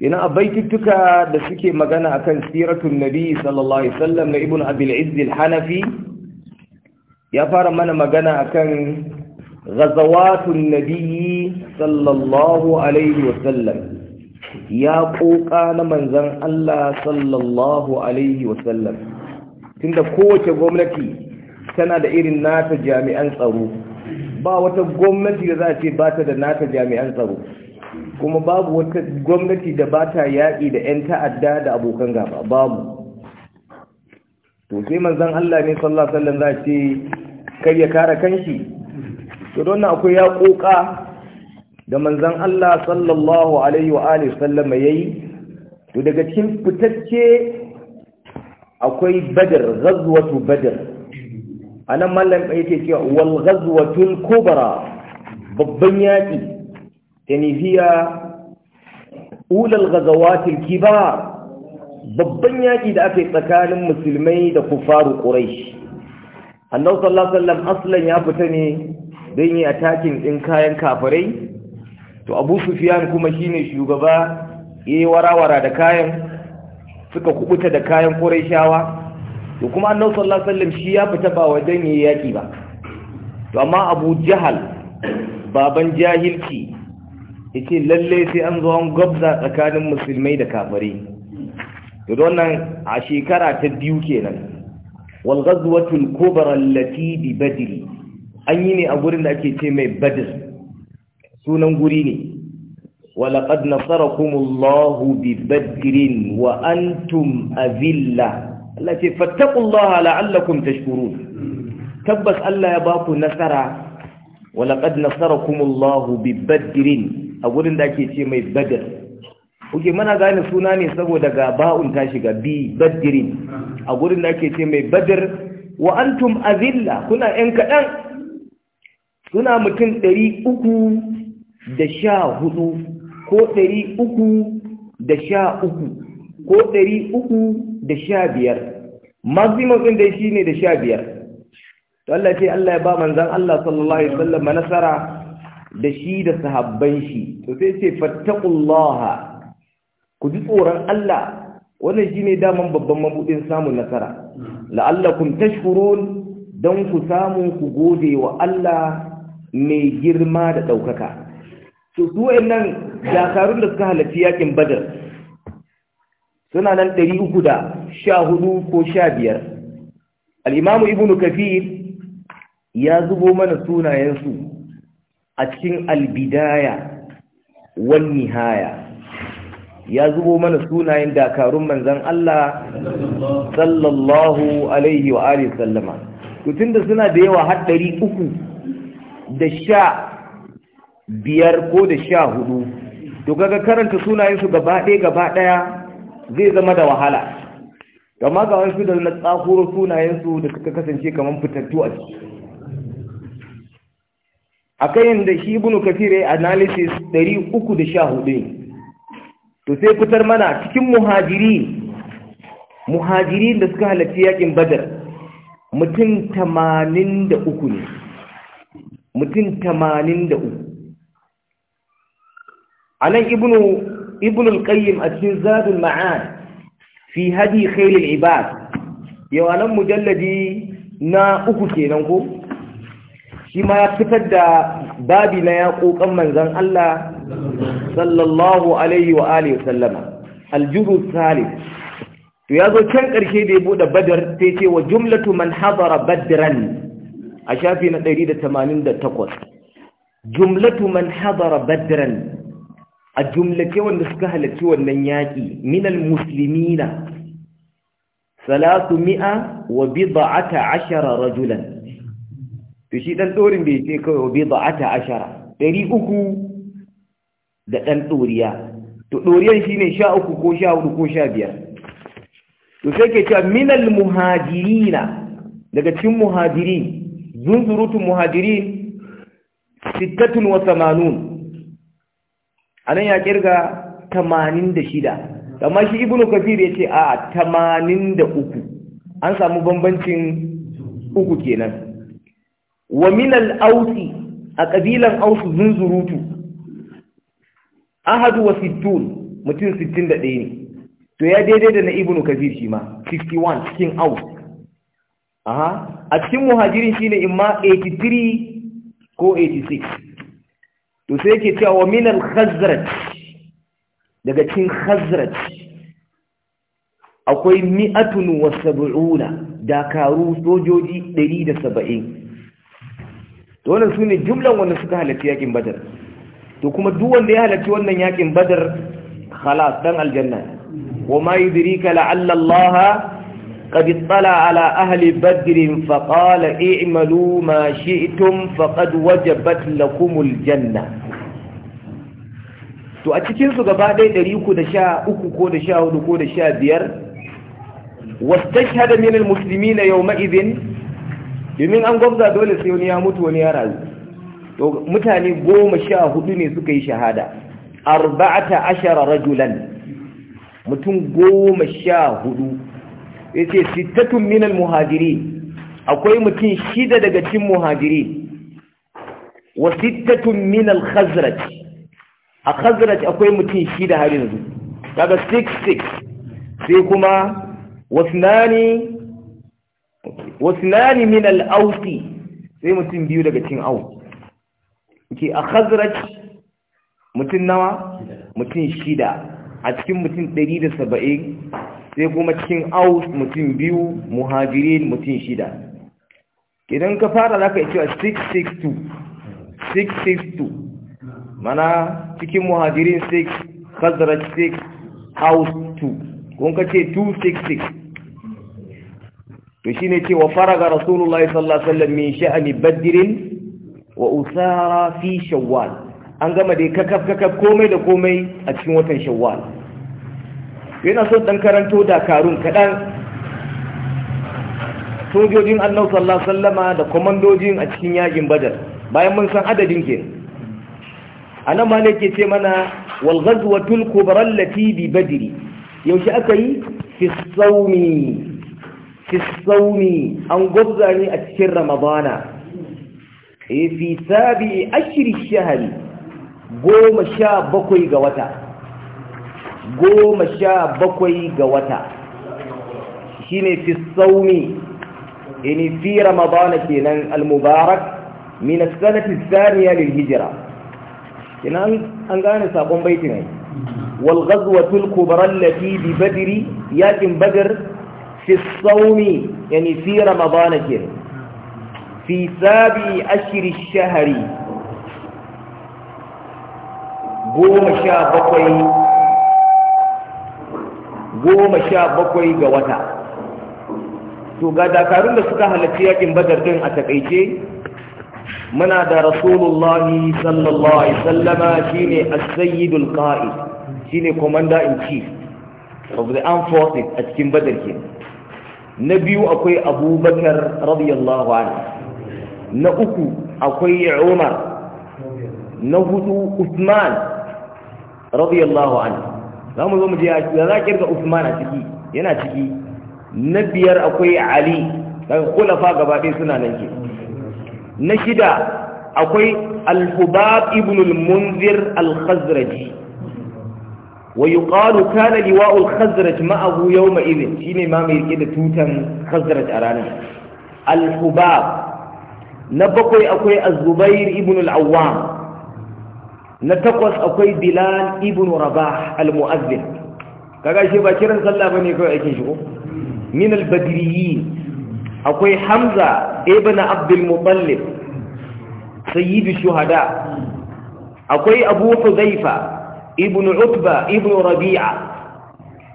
ina abaituttuka da suke magana akan siratun nabi sallallahu alaihi wasallam na ibn abil izz al-hanafi ya fara mana magana akan ghazawatun nabi sallallahu alaihi wasallam ya koka na manzon Allah sallallahu alaihi wasallam tunda kowace gwamnati tana da irin nata jami'an tsaro ba wata gwamnati da za a ce ba ta da nata jami'an tsaro kuma babu wata gwamnati da ba ta yaƙi da 'yan ta'adda da abokan gaba babu to sai manzan Allah ne sallallahu alaihi za ce kai ya kare kanshi to don akwai ya koka da manzan Allah sallallahu alaihi wa alihi sallama yayi to daga cikin fitacce akwai badr ghazwatu badr anan mallam yake cewa wal ghazwatul kubra babban yaki. yani hiya ulal ghazawatil ba. babban yaƙi da aka yi tsakanin musulmai da kufaru quraish annabi sallallahu alaihi aslan ya fita ne don yi atakin ɗin kayan kafirai to abu sufyan kuma shine shugaba yi warawara da kayan suka kubuta da kayan quraishawa to kuma annabi sallallahu shi ya fita ba wajen yi yaƙi ba to amma abu jihal baban jahilci yake lalle sai an zo an gwabza tsakanin musulmai da kafari to don nan a shekara ta biyu kenan wal ghazwatul kubra allati bi badr an yi ne a gurin da ake ce mai badr sunan guri ne ولقد نصركم الله ببدر وأنتم أذلة التي فاتقوا الله Tabbas Allah ya ألا يباكوا نصرا ولقد نصركم bi ببدر a gurin da ake ce mai badar kuke mana gane suna ne saboda ga ba'un ta shiga bi badirin a gurin da ake ce mai badar wa antum azilla kuna yan kaɗan suna mutum ɗari uku da sha hudu ko ɗari uku da sha uku ko ɗari uku da sha biyar maximum ɗin da shi ne da sha biyar to Allah ce Allah ya ba manzan Allah sallallahu Alaihi wasallam nasara da shi da sahabban shi to sai ce fattaqullaha ku ji tsoron Allah wannan shine daman babban mabudin samun nasara la'allakum tashkurun dan ku samu ku gode wa Allah mai girma da daukaka to su wayannan dakarun da suka halarci yakin badar suna nan 314 ko 15 al-imamu ibnu kafir ya zubo mana sunayensu a cikin albidaya wal nihaya ya zubo mana sunayen dakarun manzan Allah sallallahu alaihi wa alihi sallama kutun da suna da yawa har ɗari uku da sha biyar ko da sha hudu to kaga karanta su gaba ɗaya gaba ɗaya zai zama da wahala amma ga wasu da na tsakuro su da suka kasance kamar fitattu a ciki akan yadda shi ibnu kafir ya analysis 314 to sai fitar mana cikin muhajiri muhajiri da suka halarci yakin badar mutum 83 ne mutum 83 anan ibnu ibnu al-qayyim a cikin zadul ma'ad fi hadi khairul ibad yawanan mujalladi na uku kenan ko shi ma ya fitar da babi na yaƙoƙan manzan Allah sallallahu alaihi wa alihi sallama aljuhu salif to ya zo can ƙarshe da ya buɗe badar sai ce wa jumlatu man hadara badran a shafi na 188 jumlatu man hadara badran a jumlace wanda suka halarci wannan yaƙi minal muslimina salatu mi'a wa bid'ata ashara rajulan to shi dan dorin bai ce kawai ata ashara ɗari uku da dan doriya to doriyan shine sha uku ko sha hudu ko sha biyar to sai ke cewa minal muhajirina daga cikin muhajiri zunzurutu muhajiri sittatun wa tamanun. a nan ya kirga tamanin da shida amma shi ibnu kafir ya ce a tamanin da uku an samu bambancin uku kenan wa min ausi a kabilan ausu zunzurutu ahadu wa sittun mutum 61 ne to ya daidai da na ibnu kabir shi ma one, cikin aus aha a cikin muhajirin shine imma 83 ko 86 to sai yake cewa wa min al-khazraj daga cikin khazraj akwai mi'atun wa sab'una dakaru sojoji 170 to wannan su ne jumlan wanda suka halarci yakin badar to kuma duk wanda ya halarci wannan yakin badar khalas dan aljanna wa ma yudrika la'alla Allah qad ittala ala ahli badr fa qala i'malu ma shi'tum faqad wajabat lakumul janna to a cikin su gaba ɗaya ɗari uku da sha uku ko da sha hudu ko da sha biyar wastashhada min almuslimina yawma ma'izin. domin an gwabza dole sai wani ya mutu wani ya rayu to mutane goma sha hudu ne suka yi shahada arba'ata ashara rajulan mutum goma sha hudu ya ce sittatun minal muhajiri akwai mutum shida daga cin muhajiri wa sittatun minal khazraj a khazraj akwai mutum shida har yanzu daga 66 sai kuma wasnani wasnani min al sai mutum biyu daga cikin au ke a khazraj mutum nawa mutum shida a cikin mutum 170 sai kuma cikin au, mutum biyu muhajirin mutum shida idan ka fara za ka yi cewa 662 662 mana cikin muhajirin 6 khazraj 6 house 2 kun ka ce 266 to shine ce wa faraga rasulullahi sallallahu alaihi wasallam min sha'ani badr wa usara fi shawwal an gama dai kakaf kakaf komai da komai a cikin watan shawwal yana so dan karanto dakarun kadan sojojin annabi sallallahu alaihi wasallama da komandojin a cikin yakin badar bayan mun san adadin ke anan ma ne ke ce mana wal ghazwatul kubra allati bi badri yaushe aka yi fi sawmi fi an gwabza ne a cikin ramadana e fi sabi ashiri shahari goma sha bakwai ga wata goma sha bakwai ga wata shi ne fi sauni ini fi ramadana kenan al-mubarak min as-sanati ath-thaniya lil hijra kenan an gane sakon baitin ai wal ghazwatu al-kubra allati bi badri yakin badr fi tsauni, ya fi ramadana ke fi sabi ashiri shahari goma sha bakwai goma sha bakwai ga wata to ga dakarun da suka halarci yakin badar a takaice muna da rasulullahi sallallahu alaihi sallama shine as-sayyidul qa'id shine commander in chief of the armed forces a cikin badar kenan na biyu akwai abubakar radiyallahu anhu na uku akwai umar na hudu usman radiyallahu anhu za mu zo mu je za kirga usman a ciki yana ciki na biyar akwai ali daga kulafa gaba ɗaya suna nan ke na shida akwai al-hubab ibn al-munzir al-khazraji wa yuqalu kana liwa'ul khazraj ma'ahu yawma idhin shine ma mai da tutan khazraj a ranar al-hubab na bakwai akwai az-zubair ibn al-awwam na takwas akwai bilal ibn rabah al-mu'adhdhin kaga shi ba kiran sallah bane kai aikin shi ko min al akwai hamza ibn abdul muttalib shuhada akwai abu hudhaifa ibn utba ibn rabi'a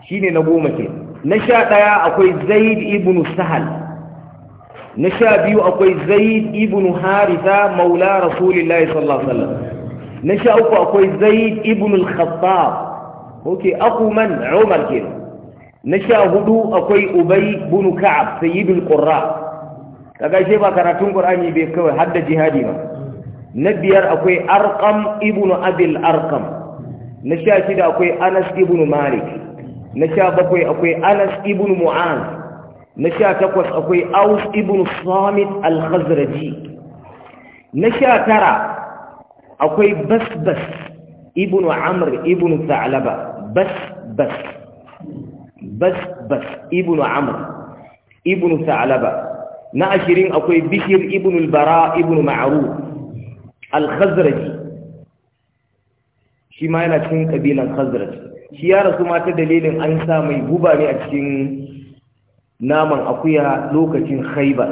shine na goma ke na sha ɗaya akwai zaid ibn sahal na sha biyu akwai zaid ibn harisa maula rasulillahi sallallahu alaihi wasallam na sha uku akwai zaid ibn al-khattab okay aku man umar ke na sha hudu akwai ubay ibn ka'ab sayyidul qurra kaga she ba karatun qur'ani bai kawai hadda jihadi ba na biyar akwai arqam ibn abil arqam na sha shida akwai anas ibn malik na sha bakwai akwai anas ibn mu'az na sha takwas akwai aus ibn samit al-khazraji na sha tara akwai basbas ibn amr ibn ta'laba basbas basbas ibn amr ibn ta'laba na ashirin akwai bishir ibn al-bara ibn ma'ruf al-khazraji shi ma yana cikin kabilan khazraj shi ya rasu ma ta dalilin an sa mai guba ne a cikin naman akuya lokacin khaibar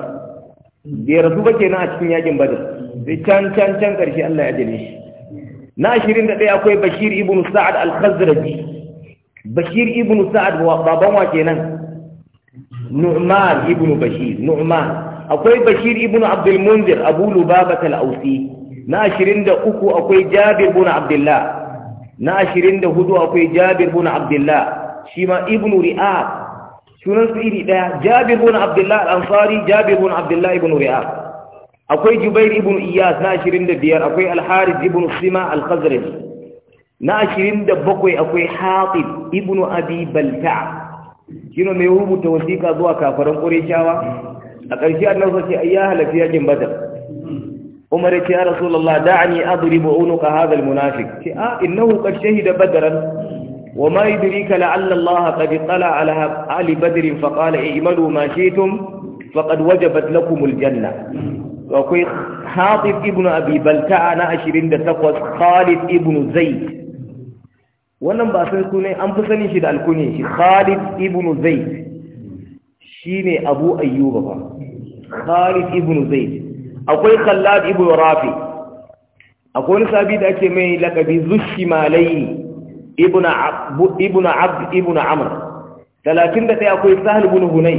bai rasu ba kenan a cikin yakin badar sai can can can karshe Allah ya jale shi na 21 akwai bashir ibn sa'ad al-khazraji bashir ibn sa'ad baban wa kenan nu'man ibn bashir nu'man akwai bashir ibn abdul munzir abu lubabah al-ausi na 23 akwai jabir ibn abdullah na ashirin da hudu akwai jabir buna abdullah shi ma ibnu ri'ab sunan su iri daya jabir buna abdullah al-ansari jabir buna abdullah Ibn ri'ab akwai jubair Ibn iyas na ashirin da biyar akwai al-harith ibnu sima al-khazraj na ashirin da bakwai akwai hatib Ibn abi balta shine mai rubuta wasiƙa zuwa kafaran qurayshawa a ƙarshe annabi sai ya halafi yakin badar umar ce ya rasulullah da'ani adribu unuka hadha almunafiq ce a ah, innahu qad shahida badran wa ma yudrika la'alla allah qad tala ala ali badr fa qala i'malu ma shi'tum faqad wajabat lakum aljanna akwai hatib ibnu abi balta'a na 28 khalid ibnu zaid wannan ba san sunan an fi sanin shi da alkunin shi Khalid ibn Zaid shine Abu Ayyuba ba Khalid ibn Zaid akwai khallad ibn rafi akwai wani sabi da ake mai lakabi zushimalai ibn ibn abd ibn amr 31 akwai sahl ibn hunay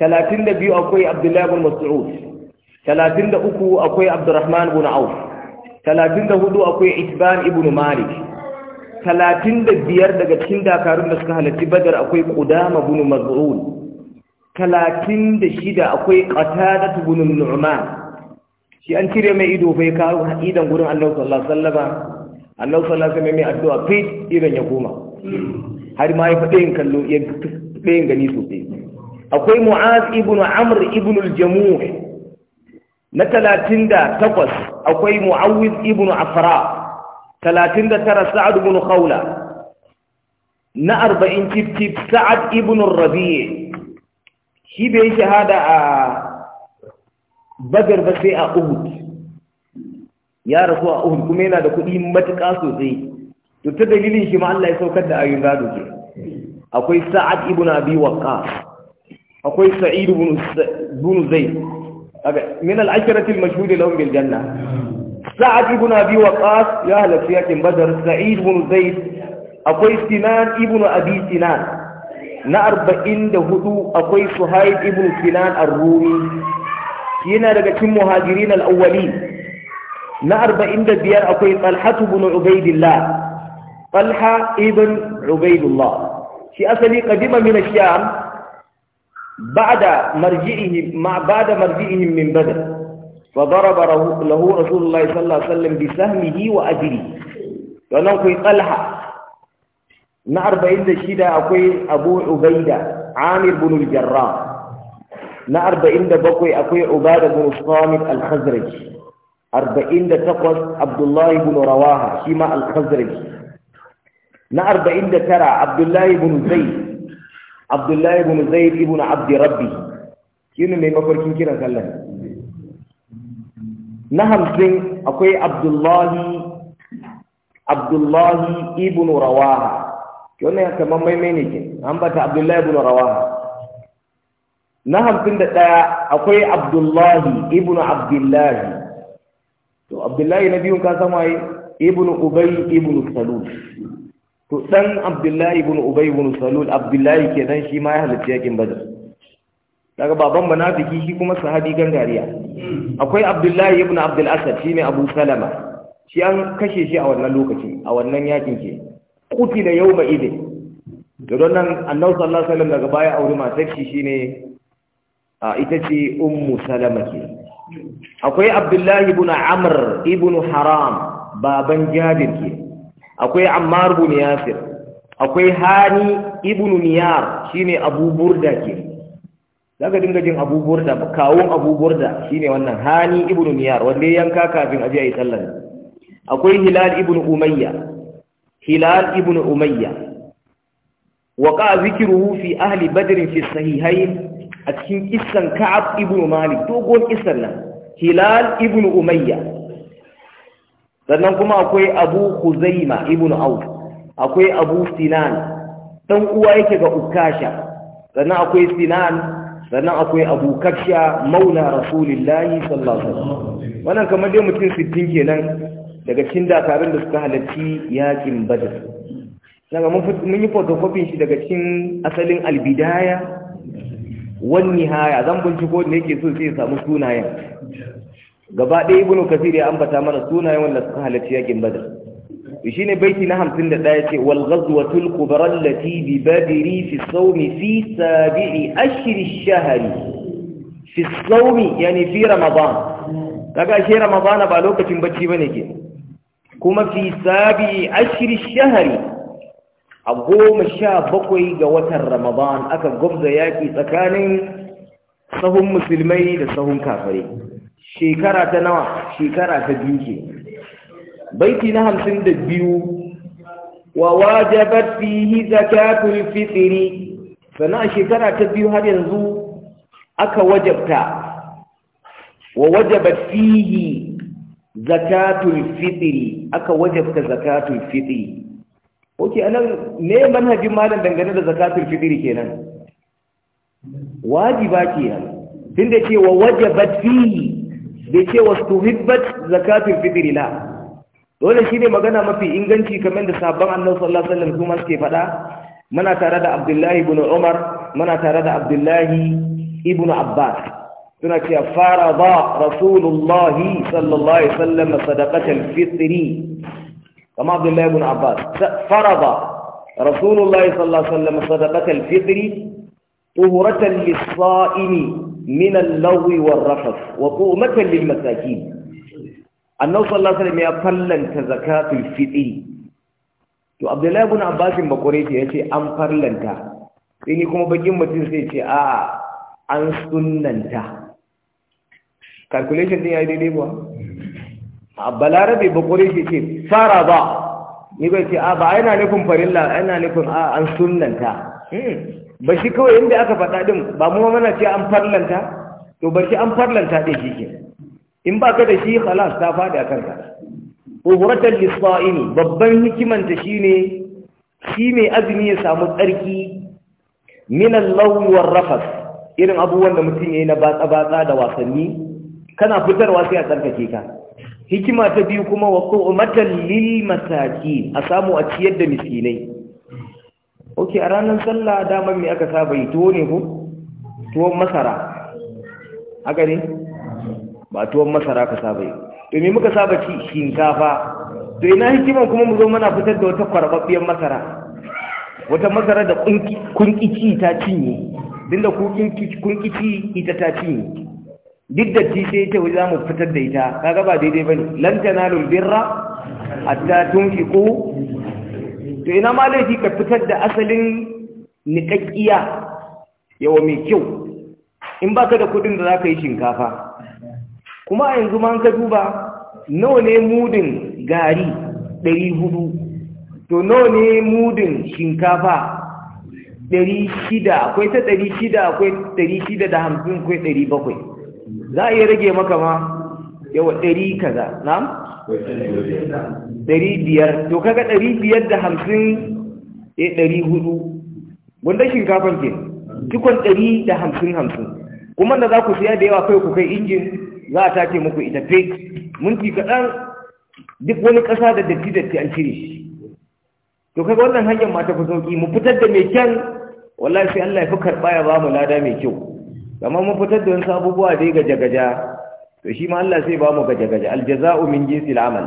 32 akwai abdullah ibn mas'ud 33 akwai abdurrahman ibn auf 34 akwai itban ibn malik 35 daga cikin dakarun da suka halatti badar akwai qudama ibn maz'un talatin da shida akwai ƙatada tubunin nu'man shi an cire mai ido bai kawo idan gurin Allah sallallahu alaihi wasallama Allah sallallahu mai addu'a fit idan ya koma har ma ya fada yin kallo ya fada yin gani sosai akwai Mu'az ibn Amr ibn Na talatin da takwas akwai Muawiz ibn Afra Talatin da tara Sa'ad ibn Khawla na arba'in 40 Sa'ad ibn Rabi' shi bai yi shahada a badar ba sai a uhud ya rasu a uhud kuma yana da kuɗi matuƙa sosai to ta dalilin shi ma Allah ya saukar da ayyun gado ke akwai sa'ad ibn abi waqqa akwai sa'id ibn Zaid. kaga min al-ashrati al-mashhud lahum bil janna sa'ad ibn abi waqas ya halaka yakin badar sa'id ibn Zaid. akwai sinan ibn abi sinan na arba'in da hudu akwai suhaib ibn kinan ar-rumi yana daga cikin muhajirin al-awwali na arba'in da biyar akwai talhatu ibn ubaidillah talha ibn ubaidullah shi asali qadima min ash-sham ba'da marji'ihim ma ba'da marji'ihim min badr فضرب له رسول الله صلى الله عليه وسلم بسهمه وأجره na arba'in da shida akwai abu ubaida amir bin jarra na arba'in da bakwai akwai ubada bin samit al-khazraj arba'in da takwas abdullahi bin rawaha shi ma al-khazraj na arba'in da tara abdullahi bin zaid abdullahi bin zaid ibn abdi rabbi shi ne mai mafarkin kiran sallah na hamsin akwai abdullahi abdullahi ibn rawaha wannan ya kamar mai ne ke ambata abdullahi ibn rawaha na hamsin da ɗaya akwai abdullahi ibn abdullahi to abdullahi na biyun ka sama yi ibn ubay ibn salul to dan abdullahi ibn ubay ibn salul abdullahi ke dan shi ma ya halitta yakin badar daga baban munafiki shi kuma sahabi gangariya akwai abdullahi ibn abdul asad ne abu salama shi an kashe shi a wannan lokacin a wannan yakin ke yau yawma idin to don nan annabi Sallar alaihi daga baya aure matar shi ne. a ita ce ummu salama ke akwai abdullahi ibn amr ibn haram baban jabir ke akwai ammar ibn yasir akwai hani ibn niyar shine abu burda ke zaka dinga jin abu kawun abu shi shine wannan hani ibn niyar wanda yanka kafin a yi sallar akwai hilal ibn umayya hilal ibn umayya waƙa, zikruhu rufi, ahli badr fi sahihayn a cikin kissan ka'ab ibn malik dogon kissan nan hilal ibn umayya sannan kuma akwai abu khuzaima ibn auf akwai abu sinan dan uwa yake ga ukasha sannan akwai sinan sannan akwai abu kafsha maula rasulillahi sallallahu wannan kamar dai mutum 60 kenan daga cikin dakarun da suka halarci yakin badar daga mun yi fotokofin shi daga cikin asalin albidaya wani nihaya zan binciko da yake so sai ya samu sunayen gaba ɗaya ibnu kasir ya ambata mana sunayen wanda suka halarci yakin badar shi ne baiti na hamsin da ɗaya ce wal ghazwatul tulku, allati bi badri fi sawmi fi sabi'i ashiri shahari fi sawmi yani fi ramadan kaga shi ramadan ba lokacin bacci bane ke kuma fi sabi ashir shahari a goma sha bakwai ga watan ramadan aka gwabza yaƙi tsakanin sahun musulmai da sahun kafare shekara ta nawa shekara ta biyu ke baiti na hamsin da biyu wa wajabat fihi zakatul fitri sannan shekara ta biyu har yanzu aka wajabta wa wajabat fihi zakatul fitri aka wajabta zakatul fitri oke anan me manhajin malam dangane da zakatul fitri kenan wajiba ce tunda ce wa wajabat fi da ce wa tuhibbat zakatul fitri la dole shine magana mafi inganci kamar da sabon annabi sallallahu alaihi wasallam kuma suke faɗa muna tare da Abdullahi ibn Umar muna tare da Abdullahi ibn Abbas suna cewa fara ba rasulullahi sallallahu alaihi wasallam sadaqatul fitri kama abdullahi ibn abbas fara ba rasulullahi sallallahu alaihi wasallam sadaqatul fitri tuhuratan lis-sa'imi min al-lawi war-rafath wa qumatan lil-masakin sallallahu alaihi ya fallanta zakatul fitri to abdullahi ibn abbas bin ya ce an farlanta sai ni kuma bakin mutum sai ce a an sunanta. calculation din ya daidai ba a balarabe ba kore shi ce fara ba ni bai ce a ba yana nufin farilla yana nufin a an sunnanta hmm. ba shi kawai inda aka faɗa din ba mu mana ce an farlanta to ba shi an farlanta din shi ke in ba ka da shi khalas ta fadi a kanka uhuratan lisa'imi babban hikimanta shine shi ne azumi ya samu tsarki min al war rafas irin abubuwan da mutum yayi na batsa-batsa da wasanni kana fitarwa sai a tsarkake ka hikima ta biyu kuma wa matan lil masakin a samu a ciyar da miskinai oke a ranar sallah dama me aka saba yi tuwo ne ko tuwon masara haka ne ba tuwon masara ka saba yi to me muka saba ci shinkafa to ina hikima kuma mu zo mana fitar da wata kwarbabbiyar masara wata masara da kunkici ta cinye dinda kunki ita ta cinye duk da ci sai ita waje mu fitar da ita kaga ba daidai bane lan tanalul birra hatta tunfiqu to ina ma laifi ka fitar da asalin niƙaƙƙiya yawa mai kyau in baka da kudin da zaka yi shinkafa kuma a yanzu ma ka duba nawa ne mudin gari ɗari hudu to nawa ne mudin shinkafa ɗari shida akwai ta ɗari shida akwai ɗari shida da hamsin akwai ɗari bakwai za a iya rage maka ma yawa ɗari kaza Na? ɗari biyar to kaga ɗari biyar da hamsin ya eh, ɗari hudu wanda shinkafan ke cikon ɗari da hamsin hamsin kuma da za ku siya da yawa kai ku kai injin za a tace muku ita Mun fi kaɗan duk wani ƙasa da datti datti an cire shi to kaga wannan hanyar mata ku sauki mu fitar da mai kyan wallahi sai Allah ya fi karɓa ya ba mu lada mai kyau kamar mun fitar da wasu abubuwa dai gaje-gaje to shi ma Allah sai ba mu gaje-gaje aljaza'u min jinsil amal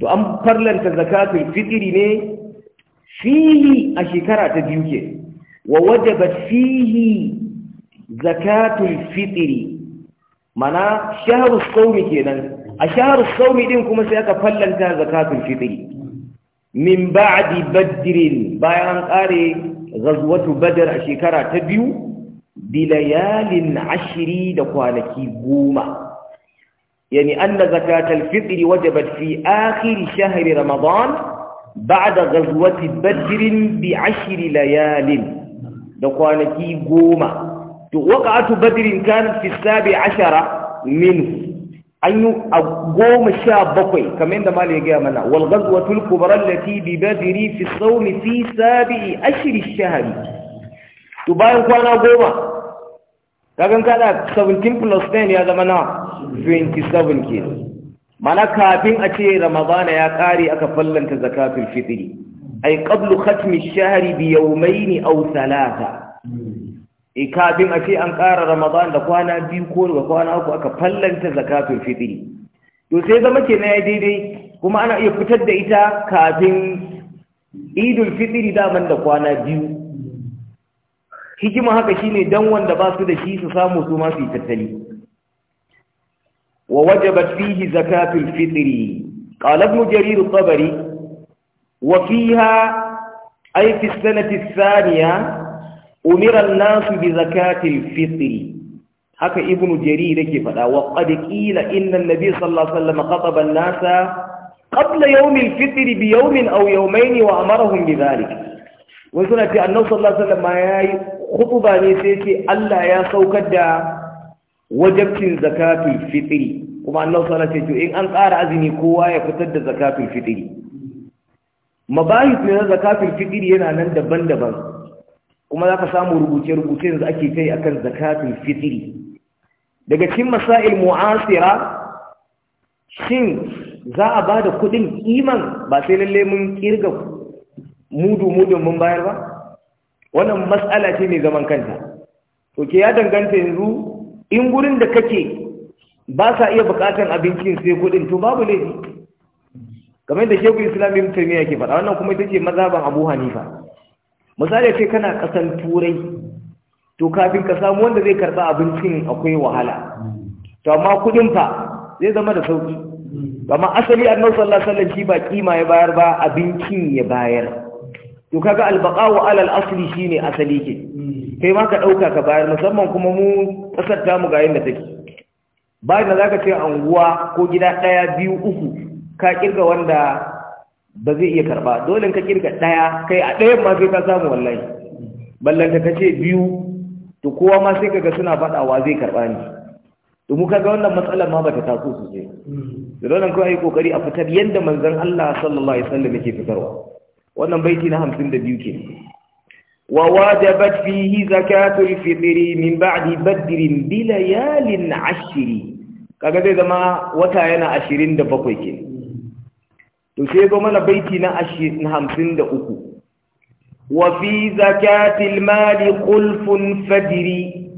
to an farlanta zakatul fitri ne fihi a shekara ta biyu ke wa wajabat fihi zakatul fitri mana shahru sawmi kenan a shahru sawmi din kuma sai aka fallanta zakatul fitri min ba'di badrin bayan an kare ghazwatu badr a shekara ta biyu bilayalin ashiri da kwanaki goma yani anna zakatal fitri wajabat fi akhir shahri ramadan ba'da ghazwati badr bi ashri layalin da kwanaki goma to waqa'atu badr kanat fi sabi ashara min an yi a goma sha bakwai kamar yadda malai ya gaya mana wal ghazwatul kubra allati bi badri fi sawmi fi sabi ashri shahri to bayan kwana goma kagan kada 17 plus 10 ya zama na 27 ke mana kafin a ce ramadana ya kare aka fallanta zakatul fitri ay qablu khatmi ash-shahri bi yawmayn aw thalatha e kafin a ce an kara ramadan da kwana biyu ko da kwana uku aka fallanta zakatul fitri to sai zama kenan ya daidai kuma ana iya fitar da ita kafin idul fitri daman da kwana biyu hikima haka shine dan wanda ba su da shi su samu su ma su tattali wa wajabat fihi zakatu fitri qala ibn jarir al tabari wa fiha ay fi sanati ath-thaniya umira an-nas bi zakatil fitri haka ibn jarir yake fada wa qad qila inna an nabi sallallahu alaihi wasallam qataba an nas qabla yawm al-fitr bi yawmin aw yawmayn wa amarahum bi dhalik wai suna ce annabi khutuba ne sai ce Allah ya saukar da wajabcin zakatul fitri kuma Allah sallallahu alaihi wasallam in an tsara azumi kowa ya fitar da zakatul fitri mabahis ne na zakatul fitri yana nan daban-daban kuma zaka samu rubuce-rubuce yanzu ake kai akan zakatul fitri daga cikin masail mu'asira shin za a da kuɗin iman ba sai lalle mun kirga mudu mudun mun bayar ba wannan matsala ce mai zaman kanta to ke ya danganta yanzu in gurin da kake ba sa iya bukatan abincin sai kudin to babu laifi kamar da shehu islam ibn taymiya ke faɗa wannan kuma ita ce mazhaban abu hanifa misali ce kana kasan turai to kafin ka samu wanda zai karɓa abincin akwai wahala to amma kudin fa zai zama da sauki amma asali annabi sallallahu alaihi wasallam shi ba kima ya bayar ba abincin ya bayar to kaga albaqa'u alal asli shine asali ke kai ma ka dauka ka bayar musamman kuma mu kasar ta mu ga yanda take bayan da zaka ce anguwa ko gida daya biyu uku ka kirga wanda ba zai iya karba dole ka kirga daya kai a dayan ma sai ka samu wallahi ka kace biyu to kowa ma sai kaga suna fadawa zai karba ni to mu kaga wannan matsalar ma bata taso sosai da mm. dole ko ai kokari a fitar yanda manzon Allah sallallahu alaihi wasallam yake fitarwa wannan baiti na hamsin da biyu ke wa wajabat fihi zakatul fitri min ba'di badrin bi layalin ashri kaga zai zama wata yana 27 ke to sai zo mana baiti na 53 wa fi zakatil mali khulfun fadri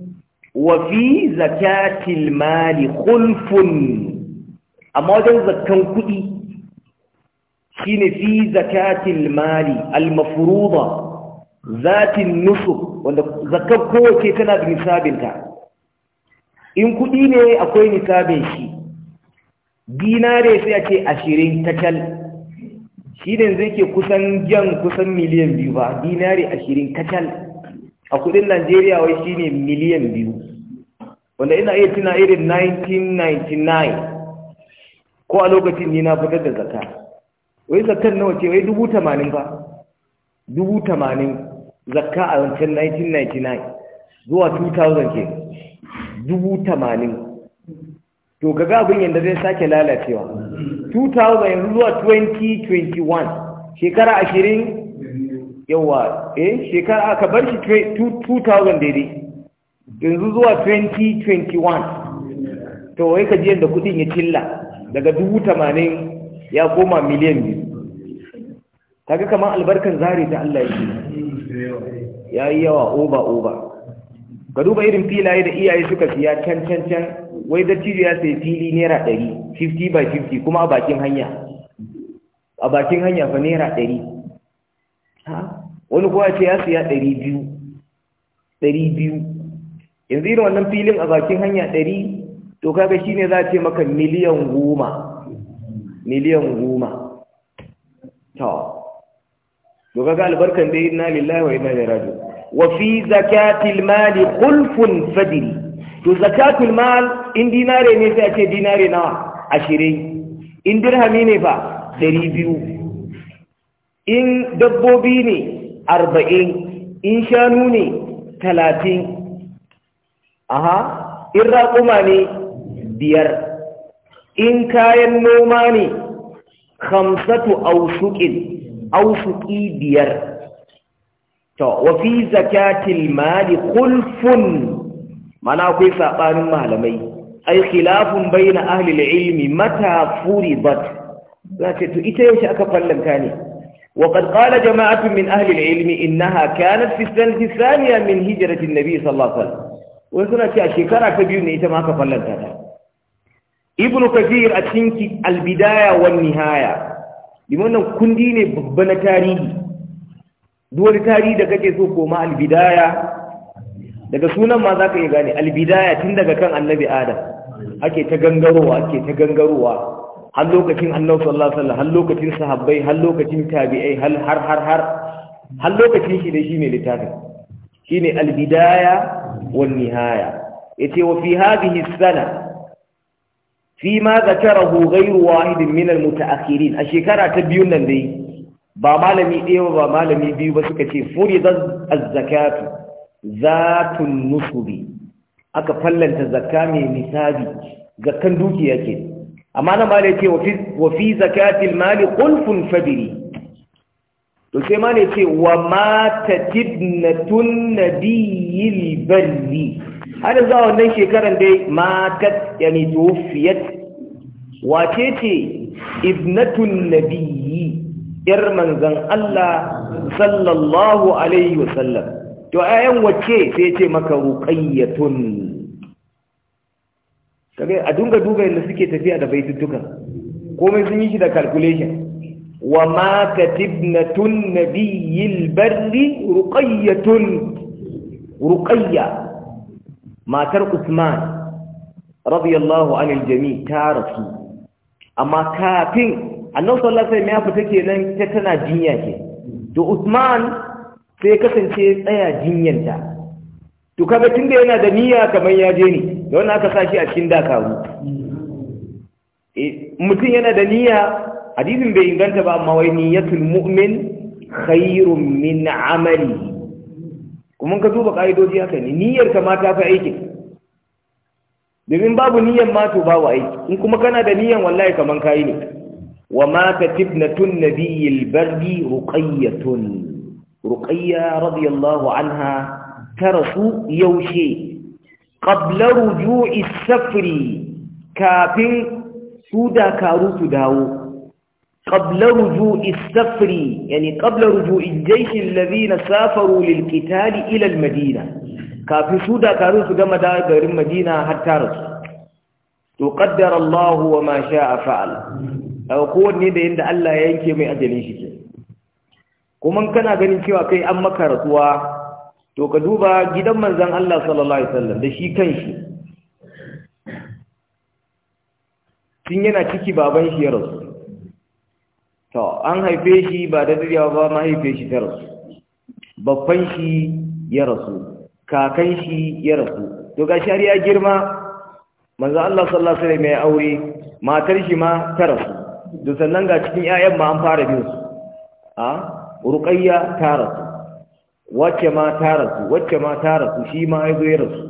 wa fi zakatil mali khulfun amma wajen zakkan kuɗi shine fi zakatil mali al-mafruḍa zatin nusuk wanda zakar kowace tana da ta. in kuɗi ne akwai misabin shi dinare sai a ce ashirin takal shi ne zai ke kusan jan kusan miliyan biyu ba dinare ashirin takal a kudin najeriya wai shi ne miliyan biyu wanda ina iya tuna irin 1999 ko a lokacin ni na fitar da zakar wai zakkan nawa ce wai dubu tamanin ba dubu tamanin zakka a wancan 1999 zuwa 2000 ke dubu tamanin to kaga abin yadda zai sake lalacewa 2000 yanzu zuwa 2021 shekara ashirin yawa eh shekara aka bar shi 2000 daidai yanzu zuwa 2021 to wai ka ji yadda kudin ya cilla daga dubu tamanin ya koma miliyan biyu kaga kamar albarkar zari ta Allah yake ya yi yawa oba oba ka duba irin filaye da iyaye suka siya can can can wai da TV ya sai fili naira ɗari 50 by 50 kuma a bakin hanya a bakin hanya fa naira ɗari wani kuwa ce ya siya ɗari biyu ɗari biyu yanzu irin wannan filin a bakin hanya ɗari to kaga shi ne za a ce maka miliyan goma miliyan goma ta doka ga albarkan da inna lillahi wa inna ilaihi raji'un wa fi zakatil mali khulfun fadil to zakatul mal in dinare ne sai a ce dinare nawa ashirin in dirhami ne fa ɗari biyu in dabbobi ne arba'in in shanu ne talatin aha in raƙuma ne biyar in kayan noma ne khamsatu aushuqin aushuqi biyar to wa fi zakatil mali mana akwai saɓanin malamai ai khilafun baina ahli ilmi mata furidat ce to ita yaushe aka fallanta ne وقد قال جماعة من أهل العلم إنها كانت في السنة الثانية من هجرة النبي صلى الله عليه وسلم وسنة شكرا كبير نيتا ما كفلن ibnu kathir a cikin albidaya wan nihaya nan kundi ne babba na tarihi duk wani tarihi da kake so koma albidaya daga sunan ma za ka iya gane albidaya tun daga kan annabi adam ake ta gangarowa ake ta gangarowa har lokacin annabi sallallahu alaihi wasallam har lokacin sahabbai har lokacin tabi'ai har har har har har lokacin shi da shi ne littafin shine albidaya wan nihaya yace wa fi hadhihi sana fi ma zakarahu ghayru wahidin min almutaakhirin a shekara ta biyun nan dai ba malami ɗaya ba malami biyu ba suka ce furidat az-zakatu zatun nusubi aka fallanta zakka mai nisabi zakkan dukiya ke amma nan malai ce wa fi zakatil mali qulfun fadiri to sai ma ne ce wa mata tibnatun nabiyil balli har zuwa wannan shekaran dai matat yani tuwfiyat wace ce ibnatun nabiyyi yar manzan Allah sallallahu alaihi wasallam to ayan wace sai ce maka ruqayyatun kage a dunga duba yadda suke tafiya da baitutuka komai sun yi shi da calculation wa ma katibnatun nabiyil barri ruqayyatun ruqayya matar Usman radiyallahu anil jami ta rasu amma kafin annabi sallallahu ya fita kenan ta tana jinya ke to Usman sai kasance tsaya jinyanta to kaga da yana da niyya kamar ya je ne da wannan aka sashi a cikin dakaru eh, mutum yana da niyya hadisin bai inganta ba amma wai niyyatul mu'min khairun min amali kuma ka duba ka'idoji haka ne niyyar ka mata fa aikin domin babu niyan mato to babu aiki in kuma kana da niyan wallahi kaman kayi ne wa mata tibnatun nabiyil bardi ruqayyatun ruqayya radiyallahu anha tarasu yaushe qabla ruju'i safri kafin su da karu su dawo قبل رجوع السفر يعني قبل رجوع safaru lil سافروا للقتال إلى kafin su dakaru su gama da garin madina har ta rasu to qaddara Allah wa ma sha'a fa'al ko kowanne da yanda Allah ya yanke mai ajalin shi ke kuma kana ganin cewa kai an maka rasuwa to ka duba gidan manzon Allah sallallahu alaihi wasallam da shi kanshi tun yana ciki baban shi ya rasu to an haife shi ba da dariya ba ma haife shi ta rasu babban shi ya rasu kakan shi ya rasu to ga shari'a girma manzo Allah sallallahu alaihi wasallam ya aure matar shi ma ta rasu to sannan ga cikin ƴaƴan ma an fara bin su a ruqayya ta rasu wacce ma ta rasu wacce ma ta rasu shi ma ya zo ya rasu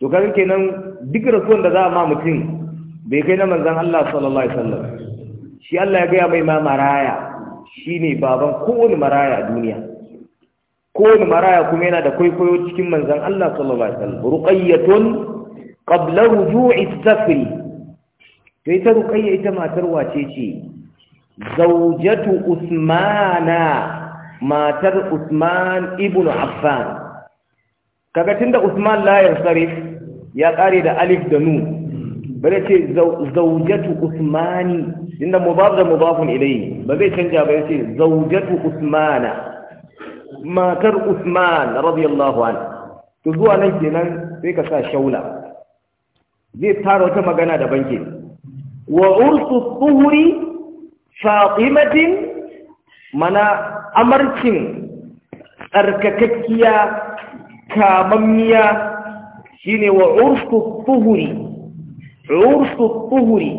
to kan kenan duk rasuwan da za a ma mutum bai kai na manzon Allah sallallahu alaihi wasallam shi Allah ya gaya mai ma maraya shine baban kowane maraya a duniya kowane maraya kuma yana da kwaikwayo cikin manzan Allah sallallahu alaihi wasallam ruqayyatun qabla ruju'i safri to ita ruqayya ita matar wace ce Zaujatu usmana matar usman ibnu affan kaga da usman layar yansarif ya kare da alif da nun bare ce Zaujatu usmani tunda mudaf da mudafun ilai ba zai canja ba ya ce Zaujatu usmana matar Usman radiyallahu anhu to zuwa nan kenan sai ka sa shaula zai tara wata magana da banke wa ursu tuhuri fatimatin mana amarcin tsarkakakkiya kamammiya shine wa ursu tuhuri ursu tuhuri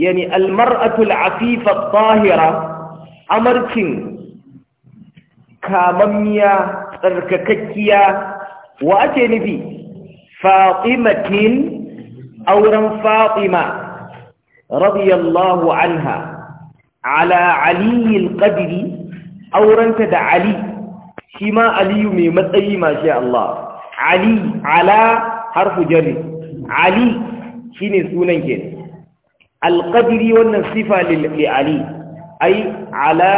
yani almar'atu al'afifa tahira amarcin kamammiya tsarkakakkiya wa ake nufi fatimatin auren fatima radiyallahu anha ala aliyin ƙadiri aurenta da ali shi ma aliyu mai matsayi mashi Allah ali ala harfu jari ali shi ne sunan ke alƙadiri wannan sifa li ali ai ala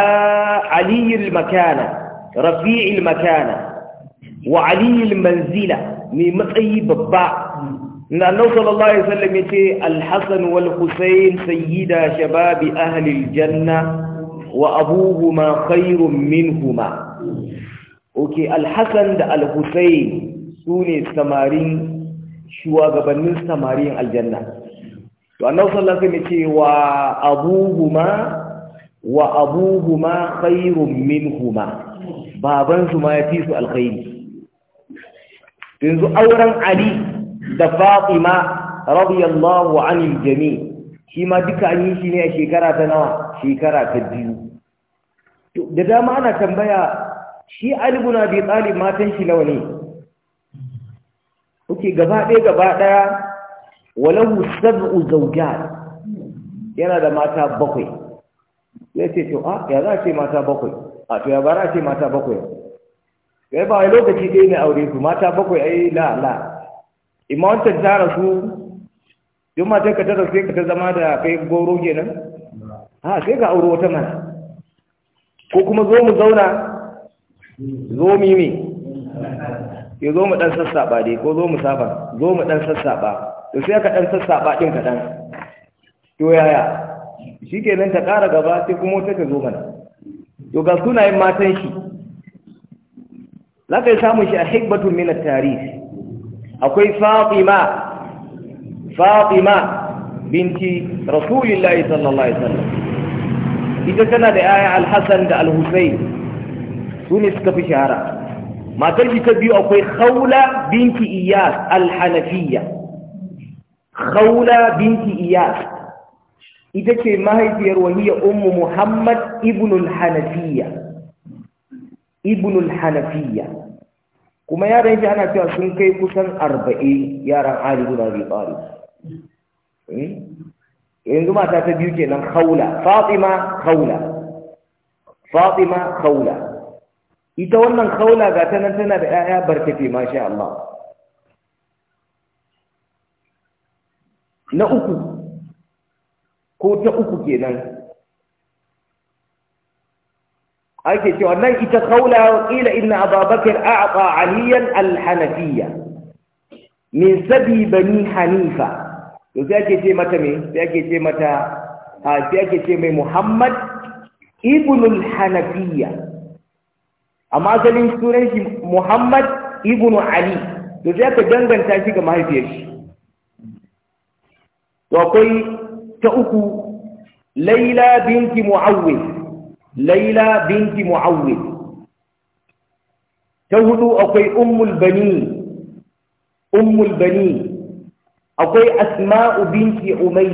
aliyin makana rafi'il makana wa aliyil manzila mai matsayi babba na annabi sallallahu alaihi wasallam yace al-hasan wal husayn sayyida shababi ahli al-janna wa abuhuma khairun minhuma okay al-hasan da al-husayn sune samarin shugabannin samarin aljanna to annabi sallallahu alaihi wasallam yace wa abuhuma wa abuhuma khairun minhuma baban su ma yafi su alkhairi yanzu auren ali da fatima radiyallahu anil jami shi ma duka an yi shi ne a shekara ta nawa shekara ta biyu da dama ana tambaya shi ali na bi talib matan shi nawa ne kuke gaba ɗaya gaba ɗaya walahu sab'u zawjat yana da mata bakwai sai ce to a ah, ya za a ce mata bakwai a to ya bara a ce mata bakwai ya eh, ba wai lokaci dai ne aure su mata bakwai ai la la imma wancan ta rasu duk matan ka ta rasu sai ka ta zama da kai goro kenan ha sai ka aure wata mana ko kuma zo mu zauna zo mimi ya zo mu dan sassaɓa dai ko zo mu saba zo mu dan sassaɓa to sai ka dan sassaɓa ɗin kaɗan to yaya shi ke ta ƙara gaba sai kuma wata ta zo mana to ga sunayen matan shi za ka yi samun shi a hikbatun minar tarihi akwai fatima fatima binti rasulillahi sallallahu alaihi wasallam ita tana da yaya alhassan da alhussein su ne suka fi shahara matar shi ta biyu akwai khawla binti iyas alhanafiya khawla binti iyas ita ce mahaifiyar wahiya ummu muhammad ibnul hanafiya ibnul hanafiya kuma yaran shi ana cewa sun kai kusan arba'in yaran ali ibn abi talib yanzu mata ta biyu kenan khawla fatima khawla fatima khawla ita wannan khawla ga ta nan tana da 'ya'ya barkate sha Allah na uku ko ta uku kenan ake cewa nan ita kaula ƙila inna ababakar a aliyan alhanafiya min sabi bani hanifa to sai ake ce mata me sai ake ce mata sai ake ce mai muhammad ibnul hanafiya amma asalin sunan shi muhammad ibnu ali to sai ka danganta shi ga mahaifiyar shi to akwai ta uku laila binti mu'awwid laila binti mu'awwid ta hudu akwai ummul bani ummul bani akwai asma'u binti umay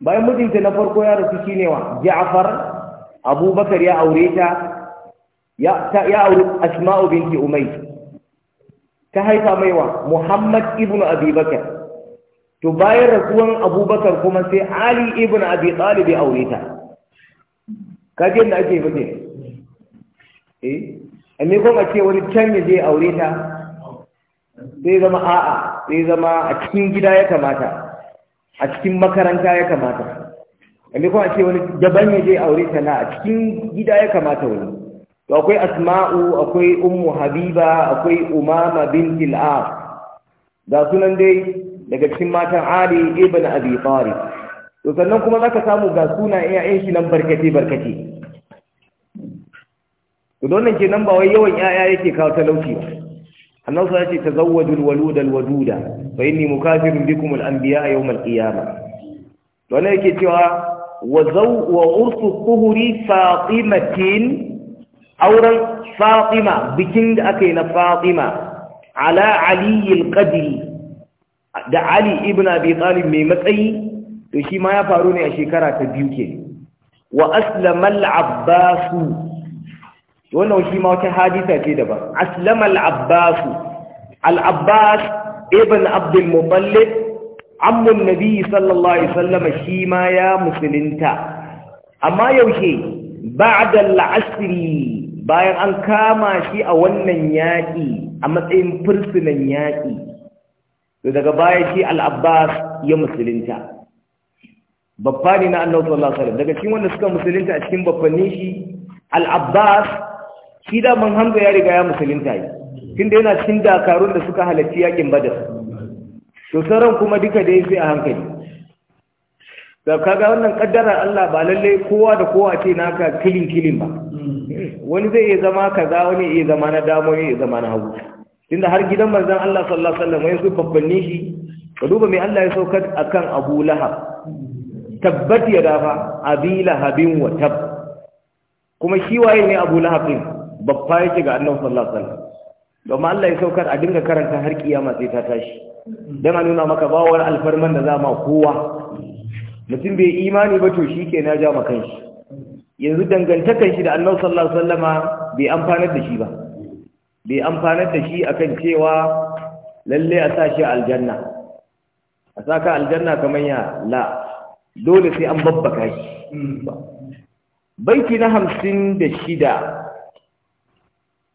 bayan mijinta na farko ya rasu shine wa ja'far abubakar ya aure ta ya ya aure asma'u binti umai. ta haifa mai wa muhammad ibnu abubakar to bayan rasuwan abubakar kuma sai ali ibn abi talib ya aure ta kaje da ake fade eh amma kuma ce wani can ya je aure ta sai zama a'a sai zama a cikin gida ya kamata a cikin makaranta ya kamata amma kuma ce wani daban ya je aure ta na a cikin gida ya kamata wani to akwai asma'u akwai ummu habiba akwai umama bintil as ga sunan dai daga cikin matan Ali ibn Abi Talib to sannan kuma zaka samu ga suna iyayen shi nan barkate barkate to don nan kenan ba wai yawan yaya yake kawo talauci ba annabi ya ce tazawwaju alwaluda alwaduda fa inni mukafirun bikum alanbiya yawm alqiyama to ne yake cewa wa zaw wa ursu tuhuri fatimatin auran fatima bikin da aka yi na fatima ala aliyil alqadri da Ali ibn Abi Talib mai matsayi to shi ma ya faru ne a shekara ta biyu ke wa aslama al-Abbas wannan shi ma wata hadisa ce ba. aslama al-Abbas al-Abbas ibn Abd al-Muttalib ammun nabi sallallahu alaihi wasallam shi ma ya musulunta amma yaushe ba'da al bayan an kama shi a wannan yaƙi, a matsayin fursunan yaƙi. to daga baya shi al ya musulunta babba ne na annabi sallallahu alaihi wasallam daga cikin wanda suka musulunta a cikin babbanni shi al-abbas shi da man hamza ya riga ya musulunta yi tunda yana cikin dakarun da suka halarci yakin badar to sauran kuma duka dai sai a hankali da kaga wannan kaddara Allah ba lalle kowa da kowa ce naka kilin kilin ba hmm. wani zai iya zama kaza wani iya zama na damo ne iya zama na hagu tunda har gidan manzon Allah sallallahu alaihi wasallam yayin su babbanni shi ka duba mai Allah ya saukar akan Abu Lahab tabbat ya dafa abi lahabin wa tab kuma shi waye ne Abu Lahab din babba yake ga Annabi sallallahu alaihi wasallam domin Allah ya saukar a dinga karanta har kiyama sai ta tashi dan a nuna maka bawar alfarman da za ma kowa mutum bai imani ba to shi ke na ja ma kanshi yanzu dangantakan shi da annabi sallallahu alaihi wasallama bai amfanar da shi ba bai amfanar da shi akan cewa lalle a sa shi aljanna a sa ka aljanna kamar ya la dole sai an babbaka shi baiki na hamsin da shida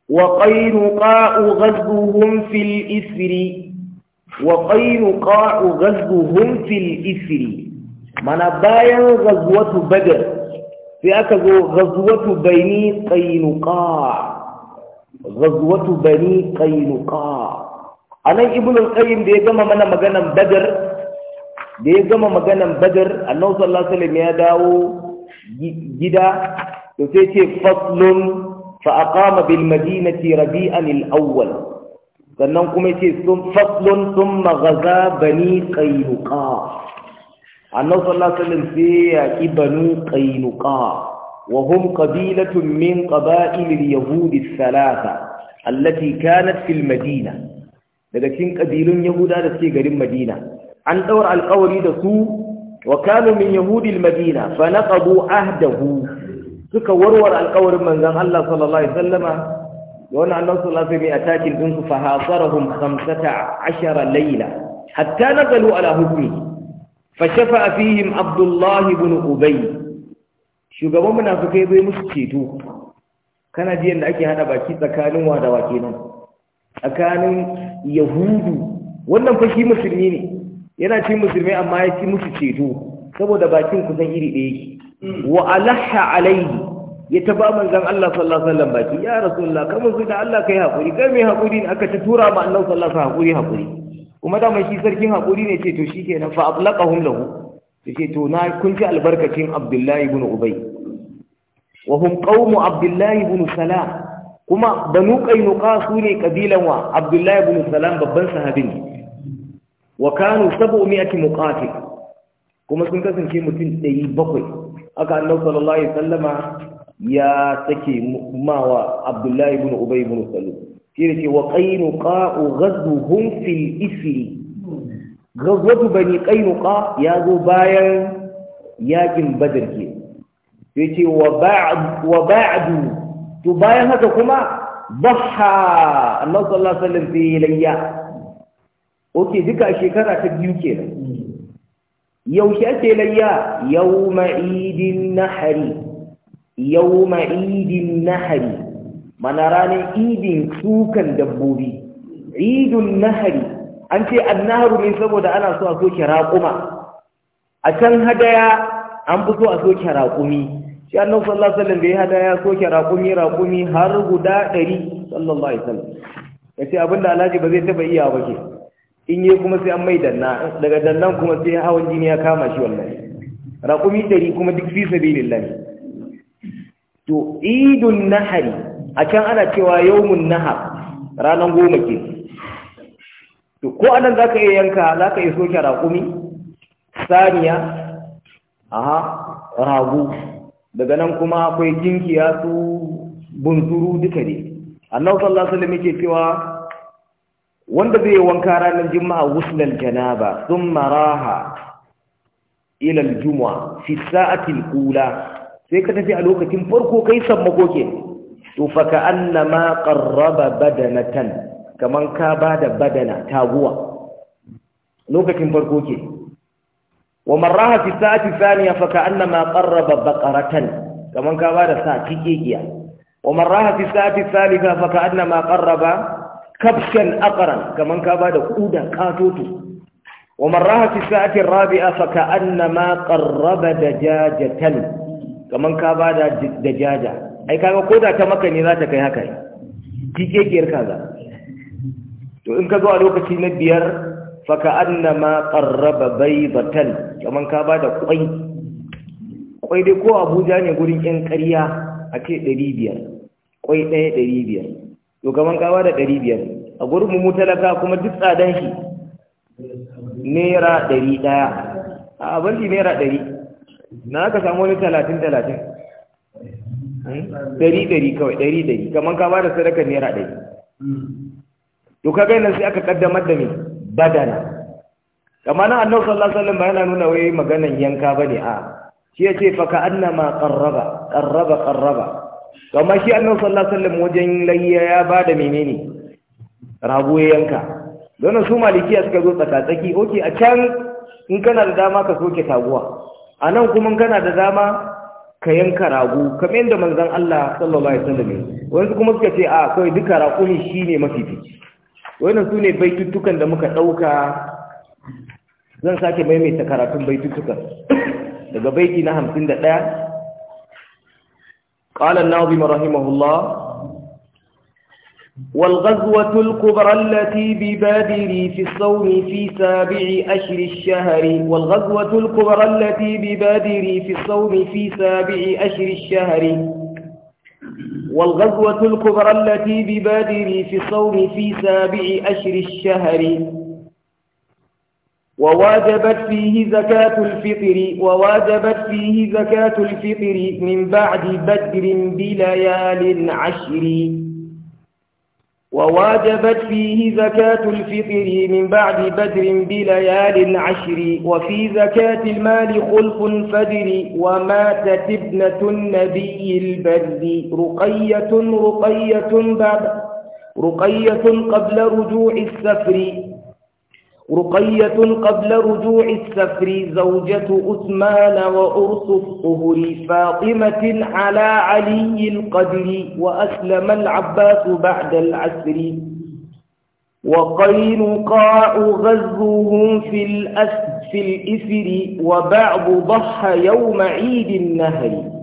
wa qainuqa'u ghazbuhum fil isri wa fil mana bayan ghazwatu Badar sai aka zo ni baini qainuqa' ghazwatu bani qainuqa anan ibnu al-qayyim da ya gama mana maganan badar da ya gama maganan badar annabi sallallahu alaihi wasallam ya dawo gida to sai ce faslun fa aqama bil madinati rabi'an al-awwal sannan kuma yace sun faslun thumma ghaza bani qainuqa annabi sallallahu alaihi wasallam sai ya ki banu qainuqa وهم قبيلة من قبائل اليهود الثلاثة التي كانت في المدينة لكن قبيل يهودا لسي قريب مدينة عن دور القوري دسو وكانوا من يهود المدينة فنقضوا عهده suka warware alƙawarin manzon Allah sallallahu alaihi wasallama da wannan Allah sallallahu alaihi wasallam ya takin din su fa hasarahum 15 layla hatta nazalu ala hukmi fa shafa'a fihim Abdullah ibn shugaban munafikai bai musu ceto kana ji yadda ake hada baki tsakanin wadawa kenan tsakanin yahudu wannan fashi musulmi ne yana cin musulmi amma ya ci musu ceto saboda bakin kusan iri ɗaya yake mm. wa alaha alaihi ya taba manzan Allah sallallahu alaihi wasallam baki ya rasulullah kamar su da Allah kai hakuri kai mai hakuri ne aka ta tura ma Allah sallallahu alaihi wasallam hakuri hakuri kuma da mai shi sarkin hakuri ne ce to shikenan fa ablaqahum lahu yace to na kun ji albarkacin Abdullahi ibn Ubay wa hum qaumu Abdullahi ibn Salam kuma banu Qainuqa su ne kabilan wa Abdullahi ibn Salam babban sahabin wa kanu 700 muqatil kuma sun kasance mutum 700 aka annabi sallallahu alaihi wasallama ya sake mawa Abdullahi ibn Ubay ibn Salul shi ne wa Qainuqa ghadhuhum fil isri gazwatu bani qaynuqa ya zo bayan yakin badr ke yace wa ba'd wa ba'du to bayan haka kuma dhaha Allah sallallahu alaihi wasallam fi layya duka shekara ta biyu kenan yaushe ake layya yawma idin nahari yawma idin nahri mana ranar idin sukan dabbobi idun nahari an ce annaharu ne saboda ana so a soke raƙuma a can hadaya an fi so a soke raƙumi shi annabi sallallahu alaihi da ya hadaya soke raƙumi raƙumi har guda ɗari sallallahu alaihi wasallam abin da alhaji ba zai taɓa iya ba ke in yi kuma sai an mai danna daga dannan kuma sai hawan jini ya kama shi wannan. raƙumi ɗari kuma duk fi lillahi to idun nahari a can ana cewa yawmun nahar ranan goma ke to ko anan zaka iya yanka zaka iya soke raƙumi saniya aha ragu daga nan kuma akwai ginkiya su bunzuru duka ne annabi sallallahu alaihi wasallam yake cewa wanda zai wanka ranar juma'a wuslal janaba thumma raha ila aljum'a fi sa'ati alula sai ka tafi a lokacin farko kai sammako ke to fa ka'annama qarraba badanatan kamar ka ba da badala taguwa lokacin farko ke wa marraha fi sa'ati thaniya fa ma qarraba baqaratan kamar ka ba da sa kikiya wa marraha fi sa'ati thalitha fa ma qarraba kabshan aqran kamar ka ba da kuda katoto wa marraha fi sa'ati rabi'a fa ma qarraba dajajatan kamar ka ba da dajaja ai kaga koda ta maka ne za ta kai haka kikekiyar kaza to in ka zo a lokaci na biyar faka annama qarraba baydatan kaman ka bada kwai kwai dai ko Abuja ne gurin yan ƙarya a ce 500 kwai ɗaya 500 to kaman ka bada 500 a gurin mu talaka kuma duk tsadan shi naira 100 a abin shi naira 100 na ka samu wani 30 30 dari dari kawai dari dari kamar ka bada sadaka naira dari to kaga nan sai aka kaddamar da me badana kamar nan annabi sallallahu alaihi wasallam ba yana nuna wai maganan yanka bane a shi yace fa ka annama qarraba qarraba qarraba kamar shi annabi sallallahu alaihi wasallam wajen layya ya bada menene rago yanka don su malikiya suka zo tsakatsaki oke a can in kana da dama ka soke taguwa a nan kuma in kana da dama ka yanka rago kamar yadda manzon Allah sallallahu alaihi wasallam wani kuma suka ce a kai duka raƙumi shine mafifi. wannan su ne baitutukan da muka ɗauka zan sake maimaita karatun baitutukan daga baiti na hamsin da ɗaya ƙalar nazim rahimahullah والغزوة الكبرى التي ببادر في الصوم في سابع أشر الشهر والغزوة الكبرى التي ببادر في الصوم في سابع أشر الشهر والغزوة الكبرى التي ببادر في الصوم في سابع أشر الشهر وواجبت فيه زكاة الفطر وواجبت فيه زكاة الفطر من بعد بدر بليال عشر وواجبت فيه زكاة الفطر من بعد بدر بليال عشر وفي زكاة المال خلق فدر وماتت ابنة النبي البر رقية رقية بعد رقية قبل رجوع السفر رقية قبل رجوع السفر زوجة أثمان وأرث الطهر فاطمة على علي القدر وأسلم العباس بعد العسر وقينقاع غزوهم في الأسف الإثر وبعض ضحى يوم عيد النهر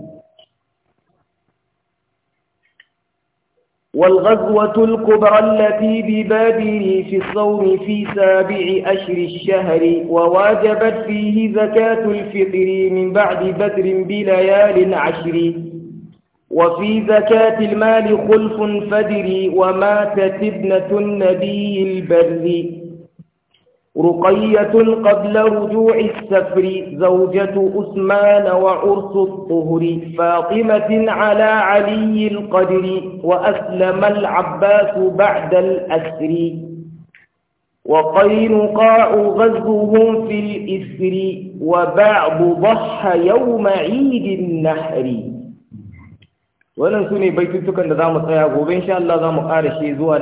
والغزوة الكبرى التي ببابه في الصوم في سابع أشر الشهر وواجبت فيه زكاة الفطر من بعد بدر بليال عشر وفي زكاة المال خلف فدري وماتت ابنة النبي البر رقية قبل رجوع السفر زوجة أثمان وعرس الطهر فاطمة على علي القدر وأسلم العباس بعد الأسر وقينقاع غزوهم في الإسر وبعض ضحى يوم عيد النحر ولن سني ne أن da za mu شاء الله insha Allah za mu ƙara shi zuwa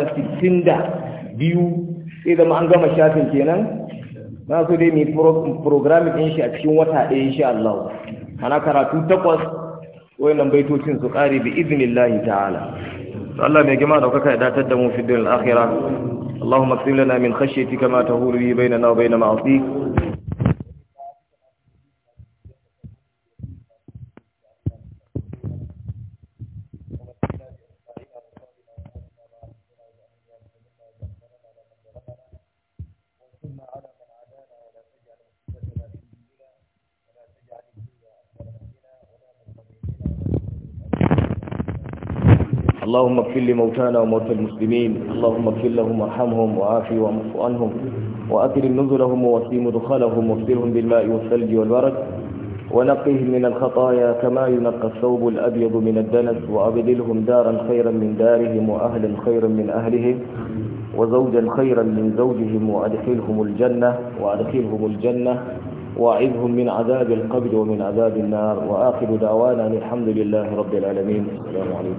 sai zama an gama shafin kenan na so dai mai programming ɗin shi a cikin wata ɗaya shi Allah ana karatu takwas wayannan baitocin su ƙare bi izinillahi ta'ala Allah mai gima daukaka ya datar da mu fi dunyal akhirah min kashe لنا من خشيتك ما تهول به بيننا اللهم اغفر لموتانا وموتى المسلمين اللهم اغفر لهم وارحمهم وعافي واعف عنهم واكرم نزلهم ووسيم دخلهم واغسلهم بالماء والثلج والبرد ونقهم من الخطايا كما ينقى الثوب الابيض من الدنس وابدلهم دارا خيرا من دارهم واهلا خيرا من اهلهم وزوجا خيرا من زوجهم وادخلهم الجنه وادخلهم الجنه واعذهم من عذاب القبر ومن عذاب النار واخر دعوانا الحمد لله رب العالمين السلام عليكم